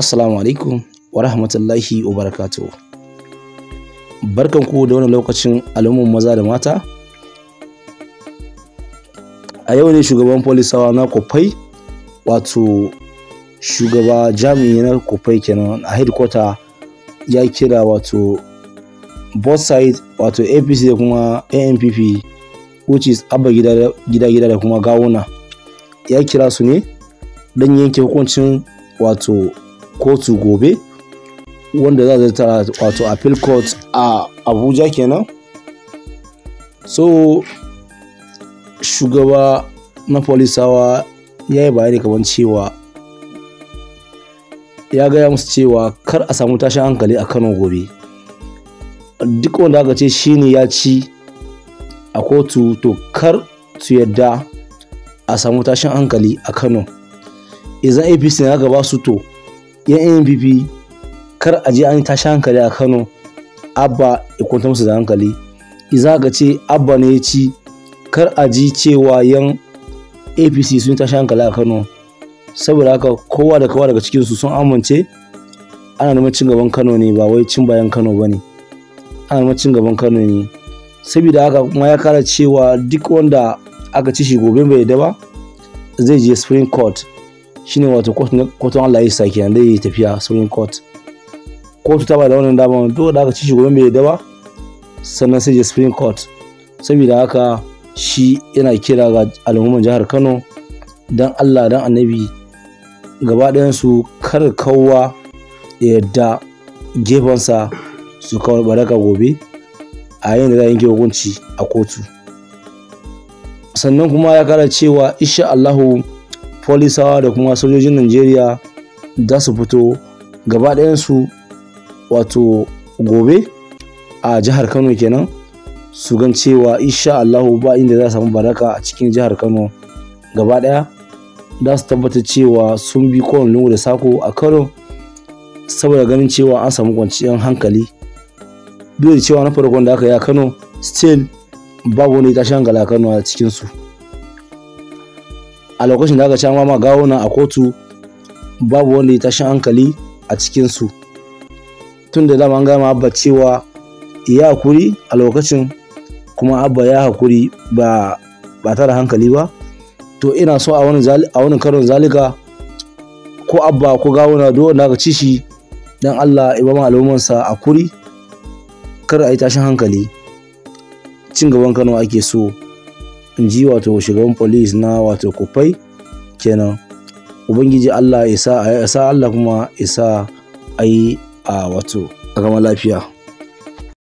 Assalamu alaikum wa rahmatullahi wa barakatuh. Barkanku da wani lokacin al'umman maza da mata. A yau ne shugaban polisawa na kofai wato shugaba jami'i na kofai kenan a headquarter ya kira wato both side wato APC da kuma ANPP which is abba gida-gida da kuma gawuna ya kira su ne don yanke hukuncin wato kotu gobe wanda za a tara wato appeal court a abuja kenan so shugaba na polisawa ya yi bayani kamar cewa ya gaya musu cewa kar a samu tashin hankali a kano gobe duk wanda aka ce shi ne ya ci a kotu to kar su yadda a samu tashin hankali a kano idan apc ne aka ba su to yan npp kar a je an tashi hankali a kano abba ya kwanta musu da hankali za ka ce abba ne ya ci kar a ji cewa yan apc sun tashi hankali a kano saboda haka kowa da kowa daga cikinsu sun amince ana neman cin gaban kano ne ba wai cin bayan kano ba ne ana neman cin gaban kano ne saboda haka kuma ya kara cewa duk wanda aka ci shi gobe bai da ba zai je spring court shine wato kotun Allah ya sa nan dai tafiya supreme court kotu ta ba da wannan dama duk da aka ci gobe bai da ba sannan sai je supreme court saboda haka shi yana kira ga al'umman jihar Kano dan Allah dan annabi gaba ɗayan su kar kowa ya yadda gefensa su kawar baraka gobe a yayin da za a yanke hukunci a kotu sannan kuma ya kara cewa insha Allahu folisawa da kuma sojojin najeriya za su fito gaba su wato gobe a jihar kano kenan su gan cewa isha allahu ba inda za samu baraka a cikin jihar kano gaba daya za su tabbatar cewa sun bi kowane lungu da sako a karo saboda ganin cewa an samu kwanciyar hankali duk da cewa na farkon da aka yi a kano still babu wani tashi hankali a kano a cikinsu a lokacin da aka ci ma gawuna a kotu babu wanda ya tashin hankali a cikinsu tun da dama an gama abba cewa ya hakuri a lokacin kuma abba ya hakuri ba ba tara hankali ba to ina so a wani a wani karon zalika ko abba ko gawuna duk wanda aka ci shi dan Allah ya ma mu al'ummansa a kuri kar a yi tashin hankali cin gaban Kano ake so in ji wato shugaban police na wato kufai kenan ubangiji allah ya sa allah kuma ya sa a a wato a gama lafiya